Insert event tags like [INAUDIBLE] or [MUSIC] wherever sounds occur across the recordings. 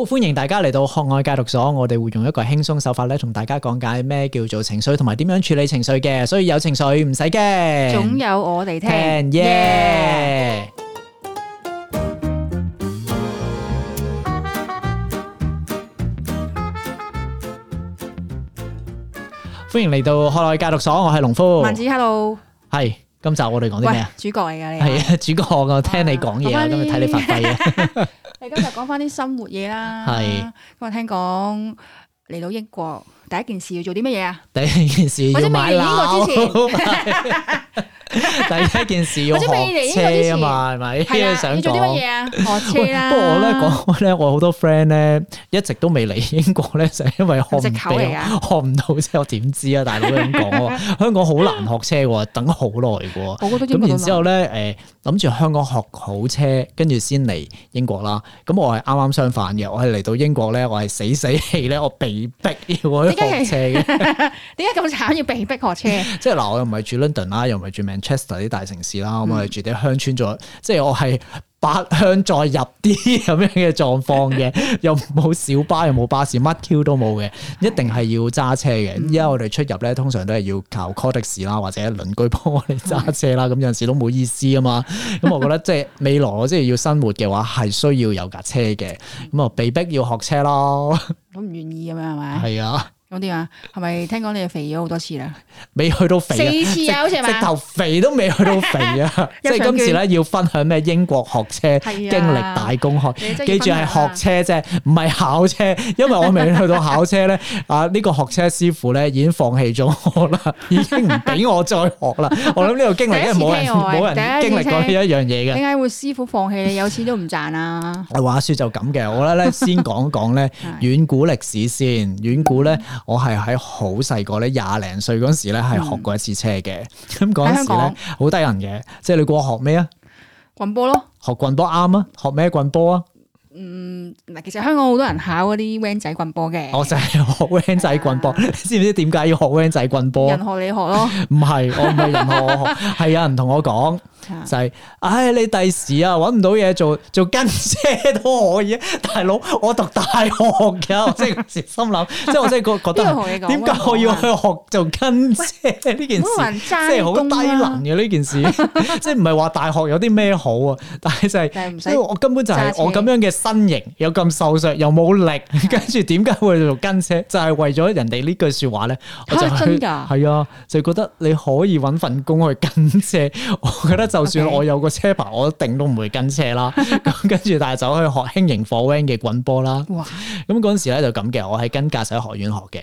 好，歡迎大家嚟到學愛戒毒所，我哋會用一個輕鬆手法咧，同大家講解咩叫做情緒，同埋點樣處理情緒嘅。所以有情緒唔使驚，總有我哋聽。歡迎嚟到學愛戒毒所，我係農夫。萬子，hello。係。今集我哋講啲咩啊？主角嚟噶，你係啊，主角我聽你講嘢啊，今日睇你發揮啊。 [LAUGHS] [LAUGHS] 你今日講翻啲生活嘢啦，係的我聽講嚟到英國。第一件事要做啲乜嘢啊？第一件事要買樓。 [LAUGHS] 第一件事要學車嘛？係咪？想啊，做啲乜嘢啊？學車啦。不過我咧講咧，我好多 friend 咧一直都未嚟英國咧，就係、是、因為學唔到，學唔到即係我點知啊？大佬咁講喎， [LAUGHS] 香港好難學車喎，等好耐嘅喎。咁然之後咧，誒諗住香港學好車，跟住先嚟英國啦。咁我係啱啱相反嘅，我係嚟到英國咧，我係死死氣咧，我被逼要。 [LAUGHS] 學車嘅，點解咁慘要被逼學車？即係嗱，我又唔係住 London 啦，又唔係住 Manchester 啲大城市啦，我係住啲鄉村咗，即係我係八鄉再入啲咁樣嘅狀況嘅，又冇小巴，又冇巴士，乜 Q 都冇嘅，一定係要揸車嘅。而家我哋出入咧，通常都係要靠 call 的士啦，或者鄰居幫我哋揸車啦。咁有陣時都冇意思啊嘛。咁我覺得即係未來我即係要生活嘅話，係需要有架車嘅。咁啊，被逼要學車咯，都唔願意咁樣係咪？係啊。講啲啊，係咪聽講你又肥咗好多次啦？未去到肥四次啊，好似係咪？直頭肥都未去到肥啊！即係今次咧要分享咩？英國學車經歷大公開，記住係學車啫，唔係考車。因為我未去到考車咧，啊呢個學車師傅咧已經放棄咗我啦，已經唔俾我再學啦。我諗呢個經歷因為冇人冇人經歷過呢一樣嘢嘅。點解會師傅放棄你？有錢都唔賺啊！話說就咁嘅，我覺得咧先講講咧遠古歷史先，遠古咧。我係喺好細個咧，廿零歲嗰時咧係學過一次車嘅，咁嗰陣時咧好低人嘅，即係你過學咩啊？棍波咯，學棍波啱啊？學咩棍波啊？嗯嗱，其實香港好多人考嗰啲 van 仔棍波嘅，我就係學 van 仔棍波，你知唔知點解要學 van 仔棍波？人學你學咯，唔係我唔係人學我學，係有人同我講就係，唉你第時啊揾唔到嘢做，做跟車都可以，大佬，我讀大學嘅，我即係心諗，即係我真係覺覺得點解我要去學做跟車呢件事，即係好低能嘅呢件事，即係唔係話大學有啲咩好啊，但係就係因為我根本就係我咁樣嘅。身形又咁瘦削，又冇力，跟住點解會做跟車？就係、是、為咗人哋呢句説話咧，真我就係係啊，就覺得你可以揾份工去跟車。我覺得就算我有個車牌，我一定都唔會跟車啦。咁 [LAUGHS] 跟住，但係走去學輕型火 wing 嘅滾波啦。咁嗰陣時咧就咁嘅，我係跟駕駛學院學嘅。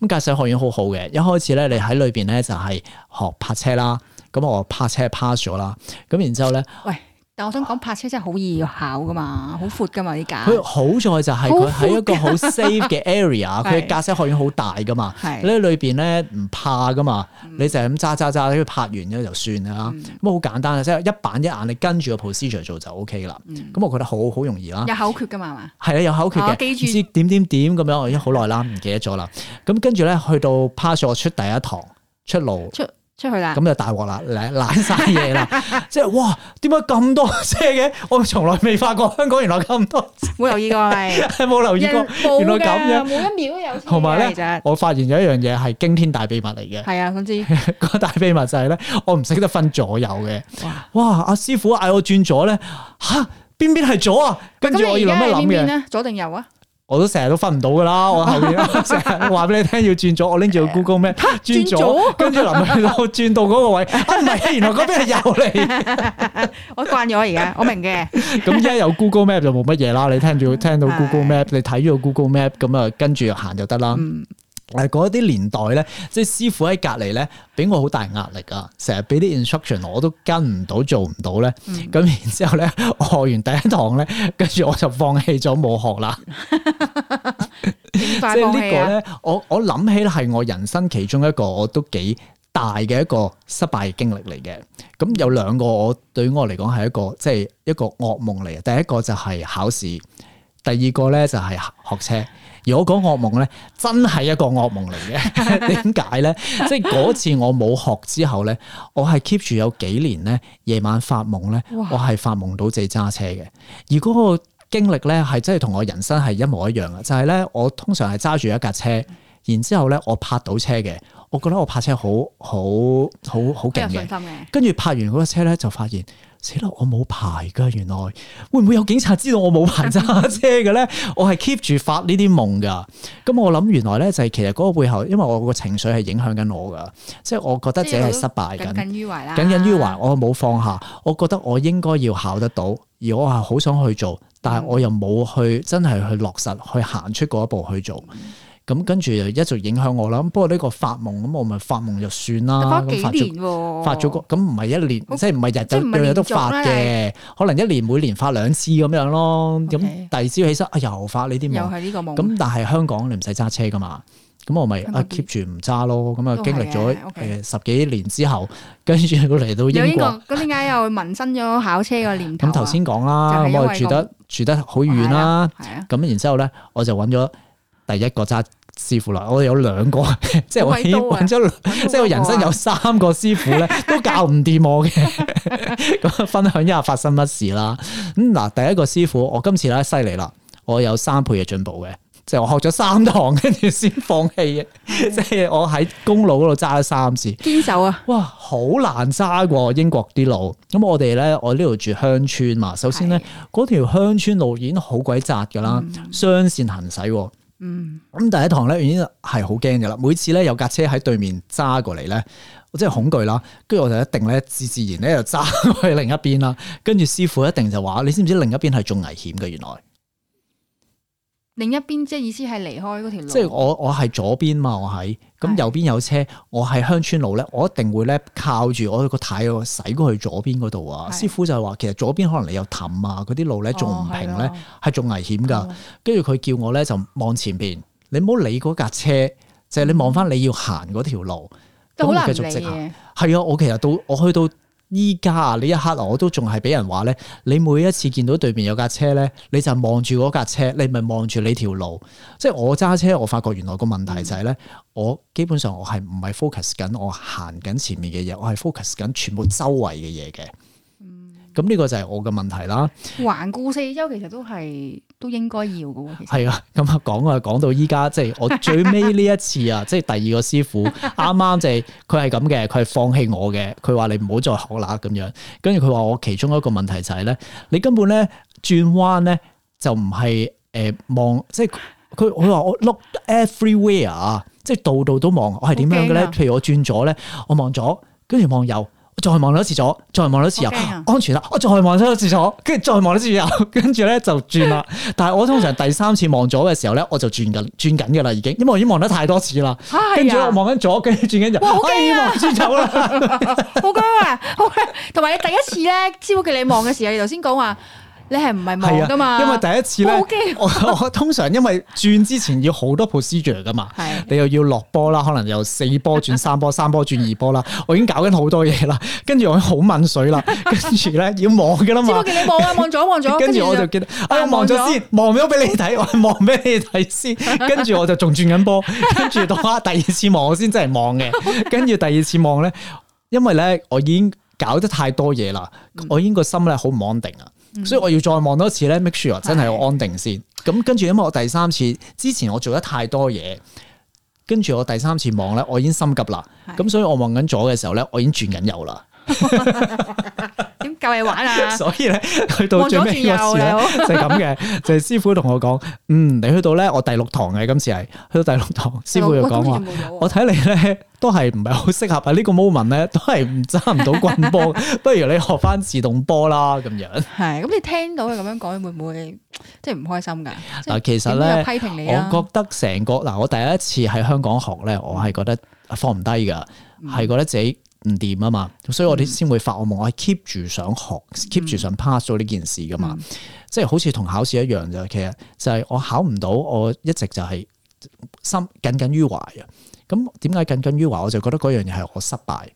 咁駕駛學院好好嘅，一開始咧你喺裏邊咧就係、是、學泊車啦。咁我泊車 pass 咗啦。咁然之後咧，喂。但我想講泊車真係好易要考噶嘛，闊嘛好闊噶嘛呢架。佢好在就係佢喺一個好 safe 嘅 area，佢嘅駕駛學院好大噶嘛，喺是裏邊咧唔怕噶嘛，嗯、你就係咁揸揸揸，跟住拍完咗就算啦，咁好、嗯嗯、簡單嘅即係一板一眼，你跟住個 procedure 做就 OK 啦。咁、嗯、我覺得好好容易啦。有口訣噶嘛？係啊，有口訣嘅，唔知點點點咁樣，怎樣，怎樣，怎樣，我已經好耐啦，唔記得咗啦。咁 [LAUGHS] [LAUGHS] 跟住咧，去到 pass 我出第一堂出路。出出去啦，咁就大鑊啦，爛爛晒嘢啦， [LAUGHS] 即係哇，點解咁多車嘅？我從來未發覺香港原來咁多車，冇留意過咪，係冇留意過，原來咁樣，每一秒都有。同埋咧，實我發現咗一樣嘢係驚天大秘密嚟嘅，係啊，總之個大秘密就係咧，我唔識得分左右嘅。哇，阿師傅嗌我轉左咧，吓邊邊係左啊？跟住我而家係邊邊咧？左定右啊？我都成日都分唔到噶啦，我後邊成日話俾你聽要轉左，我拎住個 Google Map 轉左，跟住淋去到轉到嗰個位，啊唔係，原來嗰邊係右嚟，我慣咗而家，我明嘅。咁一有 Google Map 就冇乜嘢啦，你聽住聽到 Google Map，你睇住個 Google Map，咁啊跟住行就得啦。嗱，嗰啲年代咧，即係師傅喺隔籬咧，俾我好大壓力啊！成日俾啲 instruction，我都跟唔到，做唔到咧。咁、嗯、然之後咧，學完第一堂咧，跟住我就放棄咗冇學啦。即係呢個咧，我我諗起係我人生其中一個我都幾大嘅一個失敗經歷嚟嘅。咁有兩個，我對我嚟講係一個即係、就是、一個噩夢嚟。第一個就係考試，第二個咧就係學車。如果講噩夢咧，真係一個噩夢嚟嘅。點解咧？ [LAUGHS] 即係嗰次我冇學之後咧， [LAUGHS] 我係 keep 住有幾年咧，夜晚發夢咧，我係發夢到自己揸車嘅。而嗰個經歷咧，係真係同我人生係一模一樣嘅。就係咧，我通常係揸住一架車，然之後咧，我拍到車嘅。我覺得我泊車好好好好勁嘅，跟住泊完嗰個車咧，就發現死咯，我冇牌噶，原來會唔會有警察知道我冇牌揸車嘅咧？ [LAUGHS] 我係 keep 住發呢啲夢噶，咁我諗，原來咧就係其實嗰個背後，因為我個情緒係影響緊我噶，即係我覺得自己係失敗緊，耿耿於懷啦，耿耿於懷，我冇放下，我覺得我應該要考得到，而我係好想去做，但係我又冇去真係去落實去行出嗰一步去做。咁跟住又一直影響我啦。不過呢個發夢咁，我咪發夢就算啦。發幾年喎？發咗個咁唔係一年，即係唔係日日都發嘅。可能一年每年發兩次咁樣咯。咁第二朝起身，啊又發呢啲夢。又係呢個夢。咁但係香港你唔使揸車噶嘛。咁我咪啊 keep 住唔揸咯。咁啊經歷咗誒十幾年之後，跟住佢嚟到英國。咁點解又萌生咗考車個念頭？咁頭先講啦。咁我住得住得好遠啦。咁然之後咧，我就揾咗。第一個揸師傅啦，我哋有兩個，啊、 [LAUGHS] 即係我揾咗，即係我人生有三個師傅咧，都教唔掂我嘅。咁 [LAUGHS] [LAUGHS] 分享一下發生乜事啦。咁、嗯、嗱，第一個師傅，我今次咧犀利啦，我有三倍嘅進步嘅，即係我學咗三堂，跟住先放棄嘅。嗯、 [LAUGHS] 即係我喺公路嗰度揸咗三次，堅守啊！哇，好難揸喎，啊，英國啲路。咁我哋咧，我呢度住鄉村嘛。首先咧，嗰的條鄉村路已經好鬼窄噶啦，雙線行駛，啊。嗯，咁第一堂咧已經係好驚嘅啦。每次咧有架車喺對面揸過嚟咧，我真係恐懼啦。跟住我就一定咧自自然咧就揸去另一邊啦。跟住師傅一定就話：你知唔知另一邊係仲危險嘅？原來。另一邊即係意思係離開嗰條路，即係我我係左邊嘛，我喺咁右邊有車，是的 我喺鄉村路咧，我一定會咧靠住我個太個駛過去左邊嗰度啊。是的 師傅就係話，其實左邊可能你有氹啊，嗰啲路咧仲唔平咧，係仲、哦、危險噶。跟住佢叫我咧就望前邊，的你唔好理嗰架車，就係、是、你望翻你要行嗰條路，咁繼續直行。係啊，我其實到我去到。依家啊，呢一刻我都仲係俾人話咧，你每一次見到對面有架車咧，你就望住嗰架車，你咪望住你條路。即係我揸車，我發覺原來個問題就係咧，嗯，我基本上我係唔係 focus 緊我行緊前面嘅嘢，我係 focus 緊全部周圍嘅嘢嘅。嗯，咁呢個就係我嘅問題啦。環顧四周，其實都係。都應該要嘅喎，係 [LAUGHS] 啊，咁啊講啊講到依家，即係我最尾呢一次啊，即係 [LAUGHS] 第二個師傅啱啱就係佢係咁嘅，佢係放棄我嘅，佢話你唔好再學啦，咁樣。跟住佢話我其中一個問題就係咧，你根本咧轉彎咧就唔係誒望，即係佢，佢話我 look everywhere 啊，即係度度都望。我係點樣嘅咧？譬如我轉咗咧，我望左，跟住望右。再望多次左，再望多次右，安全啦！我再望多次左，跟住再望多次右，跟住咧就轉啦。但係我通常第三次望左嘅時候咧，我就轉緊轉緊嘅啦，已經，因為我已經望得太多次啦。跟住、啊啊、我望緊左，跟住轉緊右，可以望轉左啦。好驚啊！好，同埋你第一次咧，師傅叫你望嘅時候，你頭先講話。你係唔係望噶嘛？因為第一次咧，我我通常因為轉之前要好多 procedure 噶嘛，係 [LAUGHS] 你又要落波啦，可能由四波轉三波，三波轉二波啦，我已經搞緊好多嘢啦，跟住我好悶水啦，跟住咧要望噶啦嘛。我見 [LAUGHS] 你望啊，望咗望咗。跟住我就記得、 [LAUGHS] 哎，我望咗先，望咗俾你睇，我望俾你睇先？跟住我就仲轉緊波，跟住到啊第二次望，我先真係望嘅。跟住第二次望咧，因為咧我已經搞得太多嘢啦，我已經個心咧好唔安定啊。所以我要再望多次咧，make sure 真係要安定先。咁是的 跟住，因為我第三次之前我做得太多嘢，跟住我第三次望咧，我已經心急啦。咁是的 所以我望緊左嘅時候咧，我已經轉緊右啦。 [LAUGHS] [LAUGHS] 教佢玩啊！所以咧，去到最尾嗰次咧，就係咁嘅。就係師傅同我講，嗯，你去到咧，我第六堂嘅，今次係去到第六堂，師傅又講話，我睇你咧都係唔係好適合啊！呢個 moment 咧都係唔揸唔到棍波，不如你學翻自動波啦。咁樣係咁，你聽到佢咁樣講，會唔會即係唔開心噶？嗱，其實咧批評你，我覺得成個嗱，我第一次喺香港學咧，我係覺得放唔低噶，係覺得自己。唔掂啊嘛，嗯、所以我哋先會發惡夢，我 keep 住想學，keep 住想 pass 咗呢件事噶嘛，嗯、即係好似同考試一樣咋，其實就係我考唔到，我一直就係心耿耿於懷啊。咁點解耿耿於懷？我就覺得嗰樣嘢係我失敗，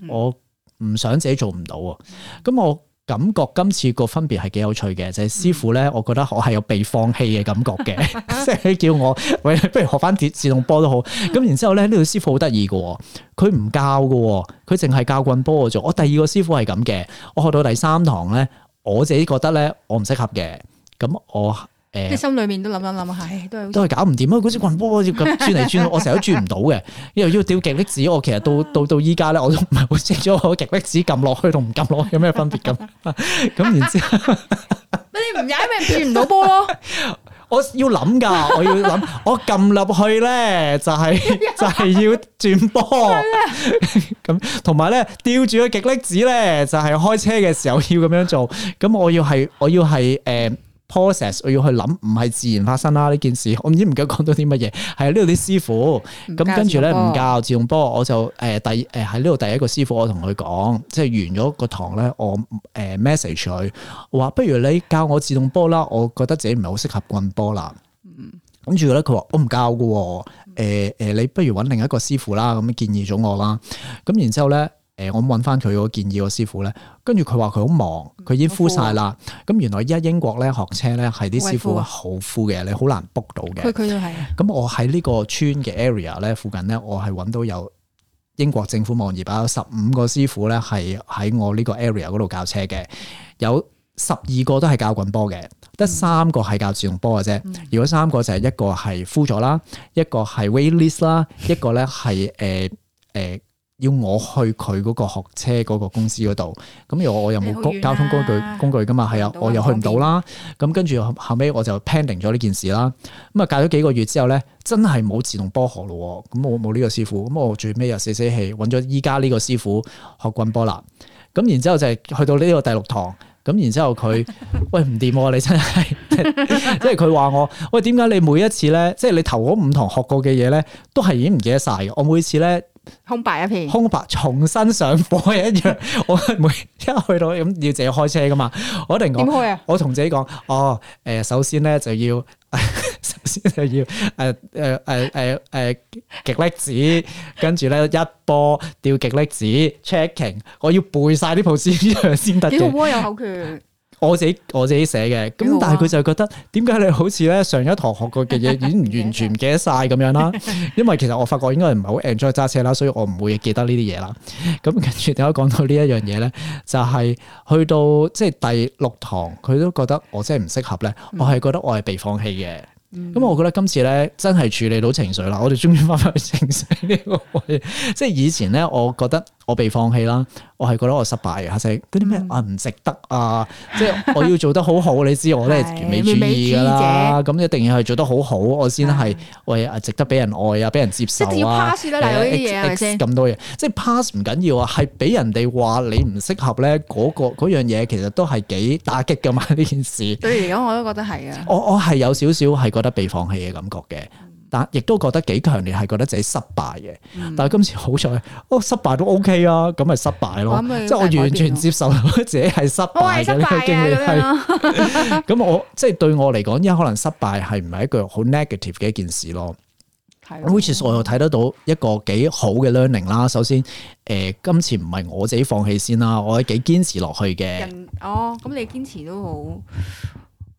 嗯、我唔想自己做唔到啊。咁我。感覺今次個分別係幾有趣嘅，就係、是、師傅咧，我覺得我係有被放棄嘅感覺嘅，即係 [LAUGHS] [LAUGHS] 叫我，喂，不如學翻自自動波都好。咁然之後咧，呢、這個師傅好得意噶，佢唔教噶、哦，佢淨係教棍波嘅啫。我第二個師傅係咁嘅，我學到第三堂咧，我自己覺得咧，我唔適合嘅，咁我。誒，你心裏面都諗諗諗下，都係都係搞唔掂啊！嗰棍波要咁轉嚟轉去，我成日都轉唔到嘅。因為要吊極力子，我其實到到到依家咧，我都唔係好識咗，我個極力子撳落去同唔撳落去，有咩分別咁？咁然之後，啊、 [LAUGHS] 你唔踩咪轉唔到波咯？我要諗噶，我要諗，我撳落去咧就係就係要轉波。咁同埋咧，吊住個極力子咧，就係開車嘅時候要咁樣做。咁我要係我要係誒。process 我要去諗，唔係自然發生啦呢件事。我唔知唔記得講到啲乜嘢。係啊，呢度啲師傅，咁跟住咧唔教自動波，我就誒第誒喺呢度第一個師傅我，我同佢講，即係完咗個堂咧，我誒 message 佢，話不如你教我自動波啦，我覺得自己唔係好適合棍波啦。嗯，跟住咧佢話我唔教嘅，誒、呃、誒、呃，你不如搵另一個師傅啦，咁建議咗我啦。咁然之後咧。誒、呃，我揾翻佢個建議個師傅咧，跟住佢話佢好忙，佢、嗯、已經敷晒啦。咁原來一英國咧學車咧係啲師傅好敷嘅，你好難 book 到嘅。佢佢就係、是、咁我喺呢個村嘅 area 咧附近咧，我係揾到有英國政府網頁啊，十五個師傅咧係喺我呢個 area 嗰度教車嘅，有十二個都係教滾波嘅，得三個係教自動波嘅啫。如果三個就係一個係敷咗啦，一個係 waitlist 啦，一個咧係誒誒。 [LAUGHS] [LAUGHS] 要我去佢嗰個學車嗰個公司嗰度，咁又我又冇交通具、啊、工具工具噶嘛，係、嗯、啊，我又去唔到啦。咁跟住後尾我就 pending 咗呢件事啦。咁啊，隔咗幾個月之後咧，真係冇自動波河咯。咁我冇呢個師傅，咁我最尾又死死氣，揾咗依家呢個師傅學棍波啦。咁然之後就係去到呢個第六堂，咁然之後佢喂唔掂、啊，你真係 [LAUGHS] [LAUGHS] 即係佢話我喂，點解你每一次咧，即係你頭嗰五堂學過嘅嘢咧，都係已經唔記得晒嘅。我每次咧。空白一片，空白重新上波一樣。 [LAUGHS] 我每一去到咁要自己開車噶嘛，我一定講，點開啊，我同自己講，哦，誒、呃，首先咧就要，首先就要，誒、啊，誒、啊，誒、啊，誒、啊，誒，極力子，跟住咧一波吊極力子 [LAUGHS] ，checking，我要背晒啲鋪線先得。點個窩有口訣？ [LAUGHS] 我自己我自己寫嘅，咁但係佢就覺得點解你好似咧上一堂學過嘅嘢已經完全唔記得晒咁樣啦？ [LAUGHS] 因為其實我發覺應該唔係好 enjoy 揸車啦，所以我唔會記得呢啲嘢啦。咁跟住點解講到呢一樣嘢咧，就係、是、去到即係、就是、第六堂，佢都覺得我真係唔適合咧。我係覺得我係被放棄嘅。咁、 [LAUGHS] 嗯、我覺得今次咧真係處理到情緒啦，我哋終於翻返去正視呢個位。即、就、係、是、以前咧，我覺得。我被放棄啦！我係覺得我失敗啊！成嗰啲咩啊唔值得啊！ [LAUGHS] 即係我要做得好好，你知我都係完美主義噶啦。咁一定要係做得好好，我先係為啊值得俾人愛啊，俾人接受即係 pass 啦，嘢咁多嘢。即係 pass 唔緊要啊，係俾人哋話你唔適合咧。嗰、嗰個、嗰個、樣嘢其實都係幾打擊噶嘛。呢件事對而家我都覺得係啊。 [LAUGHS] [LAUGHS] [LAUGHS] 我我係有少少係覺得被放棄嘅感覺嘅。但亦都覺得幾強烈，係覺得自己失敗嘅。嗯、但係今次好彩，哦，失敗都 OK 啊，咁咪失敗咯，嗯、即係我完全接受自己係失敗嘅呢個經歷係。咁 [LAUGHS] [LAUGHS] 我即係對我嚟講，而家可能失敗係唔係一個好 negative 嘅一件事咯。咁 which is 我又睇得到一個幾好嘅 learning 啦。首先，誒、呃，今次唔係我自己放棄先啦，我係幾堅持落去嘅。哦，咁你堅持都好。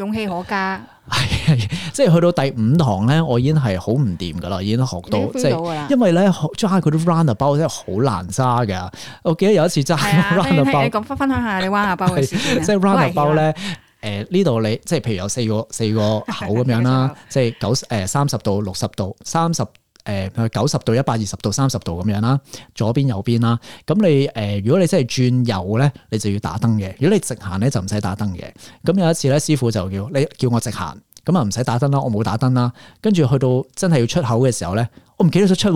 勇氣可嘉，係即係去到第五堂咧，我已經係好唔掂噶啦，已經學到，經到即係，因為咧，揸佢啲 roundabout 真係好難揸嘅。我記得有一次揸 roundabout，你咁分分享下你 roundabout 嘅事。 [LAUGHS] 即係 roundabout 咧，誒，呢度你即係譬如有四個四個口咁樣啦，即係九誒，三十度、六十度、三十。誒，九十度、一百二十度、三十度咁樣啦，左邊、右邊啦。咁你誒、呃，如果你真係轉右咧，你就要打燈嘅，如果你直行咧，就唔使打燈嘅。咁有一次咧，師傅就叫你叫我直行，咁啊唔使打燈啦，我冇打燈啦。跟住，去到真係要出口嘅時候咧。我唔記得咗出，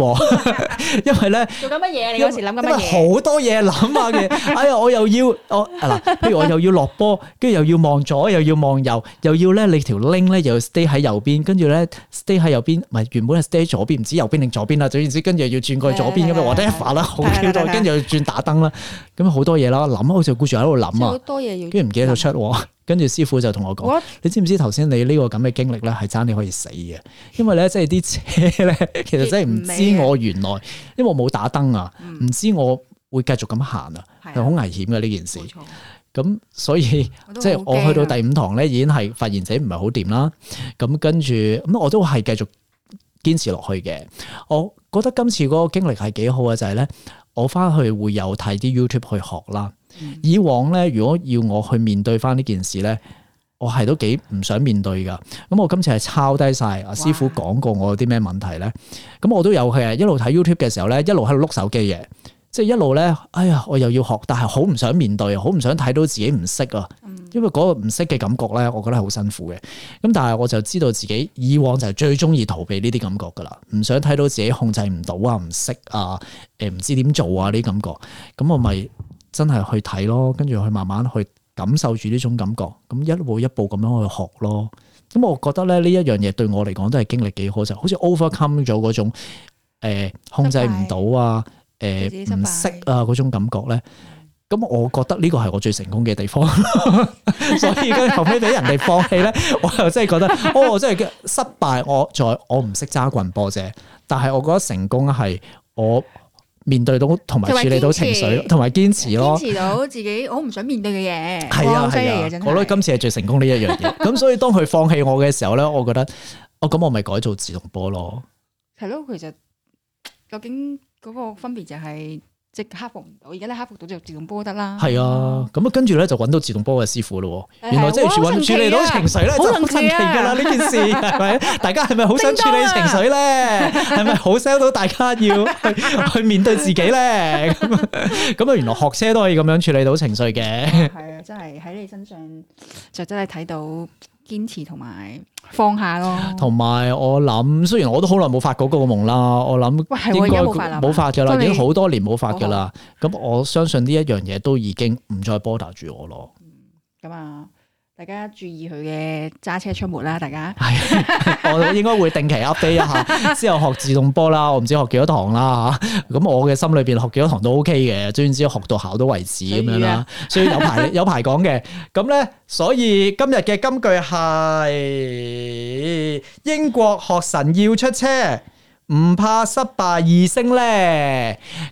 因為咧，做緊乜嘢？你嗰時諗緊乜嘢？好多嘢諗啊嘅， [LAUGHS] 哎呀，我又要我嗱，不、哎、如我又要落波，跟住又要望左，又要望右，又要咧你條拎咧又 stay 喺右邊，跟住咧 stay 喺右邊，唔係原本係 stay 喺左邊，唔知右邊定左邊啦。總之跟住又要轉過去左邊咁樣 whatever 啦，好笑。再跟住又要轉，是是是是轉打燈啦，咁好多嘢啦，諗，好似顧住喺度諗啊，好多嘢要，跟住唔記得咗出。跟住師傅就同我講：What? 你知唔知頭先你呢個咁嘅經歷咧，係差啲可以死嘅，因為咧即係啲車咧， [LAUGHS] 其實真係唔知我原來， [LAUGHS] 因為我冇打燈啊，唔、嗯、知我會繼續咁行啊，係好、嗯、危險嘅呢件事。咁沒錯 所以即係我,我去到第五堂咧，已經係發現自己唔係好掂啦。咁跟住咁我都係繼續堅持落去嘅。我覺得今次嗰個經歷係幾好嘅，就係、是、咧我翻去會有睇啲 YouTube 去學啦。以往咧，如果要我去面對翻呢件事咧，我係都幾唔想面對噶。咁我今次係抄低晒阿師傅講過我有啲咩問題咧。咁哇我都有係一路睇 YouTube 嘅時候咧，一路喺度碌手機嘅，即係一路咧，哎呀，我又要學，但係好唔想面對，好唔想睇到自己唔識啊。嗯、因為嗰個唔識嘅感覺咧，我覺得係好辛苦嘅。咁但係我就知道自己以往就係最中意逃避呢啲感覺噶啦，唔想睇到自己控制唔到啊，唔識啊，誒、呃，唔知點做啊呢啲感覺。咁我咪。真係去睇咯，跟住去慢慢去感受住呢種感覺，咁一步一步咁樣去學咯。咁我覺得咧，呢一樣嘢對我嚟講都係經歷幾好，就好似 overcome 咗嗰種誒控制唔到啊，誒唔識啊嗰種感覺咧。咁我覺得呢個係我最成功嘅地方，所以咧後尾俾人哋放棄咧，我又真係覺得，哦，真係嘅失敗，我在我唔識揸棍波啫。但係我覺得成功係我。面對到同埋處理到情緒，同埋堅，堅持咯，堅持到自己我唔想面對嘅嘢，係啊，嘅嘢我覺得今次係最成功呢一樣嘢。咁 [LAUGHS] 所以當佢放棄我嘅時候咧，我覺得，哦，咁我咪改做自動波咯。係咯，其實究竟嗰個分別就係、是。即克服唔到，而家咧克服到就自動波得啦。係啊，咁啊跟住咧就揾到自動波嘅師傅咯。原來即係處理到情緒咧，就親情㗎啦呢件事，係咪？大家係咪好想處理情緒咧？係咪好 sell 到大家要去面對自己咧？咁啊，咁啊，原來學車都可以咁樣處理到情緒嘅。係啊，真係喺你身上就真係睇到。堅持同埋放下咯，同埋我諗，雖然我都好耐冇發嗰個夢啦，我諗應該冇發㗎啦，已經好多年冇發㗎啦。咁 [LAUGHS] 我相信呢一樣嘢都已經唔再波打住我咯、嗯。嗯，咁、嗯、啊。大家注意佢嘅揸車出門啦！大家， [LAUGHS] [LAUGHS] 我應該會定期 update 一下，之後學自動波啦，我唔知學幾多堂啦吓。咁我嘅心裏邊學幾多堂都 OK 嘅，總之學到考到為止咁以 [LAUGHS] 樣啦。所以有排有排講嘅，咁咧，所以今日嘅金句係英國學神要出車。唔怕失敗而升呢？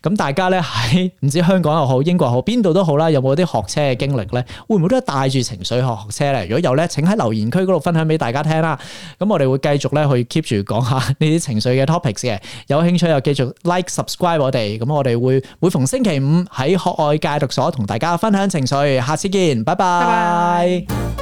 咁大家呢，喺唔知香港又好，英國又好，邊度都好啦，有冇啲學車嘅經歷呢？會唔會都係帶住情緒學學車呢？如果有呢，請喺留言區嗰度分享俾大家聽啦。咁我哋會繼續呢，去 keep 住講下呢啲情緒嘅 topics 嘅，有興趣又繼續 like subscribe 我哋。咁我哋會每逢星期五喺學愛戒毒所同大家分享情緒，下次見，拜拜。拜拜。